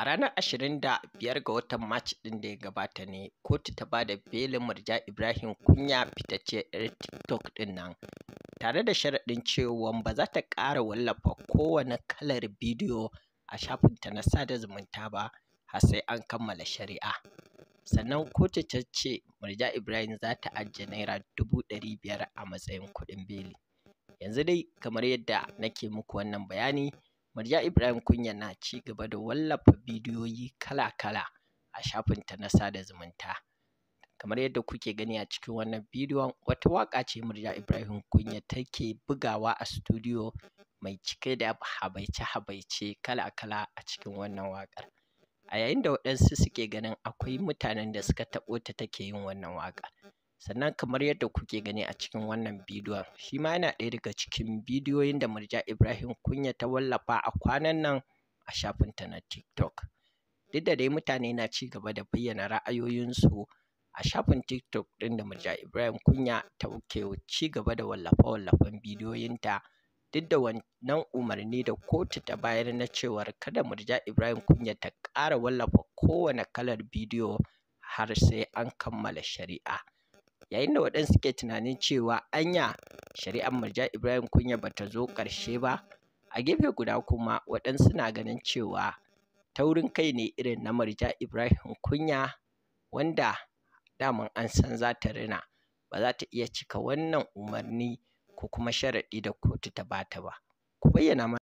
A ranar ashirin da biyar ga watan Mac ɗin da ya gabata ne, kotu ta bada belin Murja Ibrahim Kunya fitacce 'yar TikTok ɗin nan, tare da sharaɗin cewa ba za ta ƙara wallafa kowane kalar bidiyo a shafinta na sada zumunta ba har sai an kammala shari'a. Sannan kotu ta ce Murja Ibrahim za ta ajiye Naira dubu ɗari biyar a matsayin kuɗin beli. Yanzu dai kamar yadda nake muku wannan bayani Murja Ibrahim Kunya na ci gaba da wallafa bidiyoyi kala-kala a shafinta na sada zumunta. Kamar yadda kuke gani a cikin wannan bidiyon wata waƙa ce Murja Ibrahim Kunya take bugawa a studio mai cike da habaice-habaice kala-kala a cikin wannan waƙar. A yayin da waɗansu suke ganin akwai mutanen da suka taɓo ta take yin wannan waƙar. sannan kamar yadda kuke gani a cikin wannan bidiyon shi ma yana ɗaya daga cikin bidiyoyin da Murja Ibrahim Kunya ta wallafa a kwanan nan a shafinta na TikTok duk da dai mutane na ci da bayyana ra'ayoyinsu a shafin TikTok ɗin da Murja Ibrahim Kunya ta ke ci gaba da wallafa wallafen bidiyoyinta duk da wannan umarni da kotu ta bayar na cewar kada Murja Ibrahim Kunya ta ƙara wallafa kowane kalar bidiyo har sai an kammala shari'a. yayin da waɗansu ke tunanin cewa anya shari'ar Murja Ibrahim Kunya ba ta zo ƙarshe ba a gefe guda kuma waɗansu na ganin cewa taurin kai ne irin na Murja Ibrahim Kunya wanda daman an san za ta rina ba za ta iya cika wannan umarni ko kuma sharaɗi da kotu ta bata ba ku bayyana mana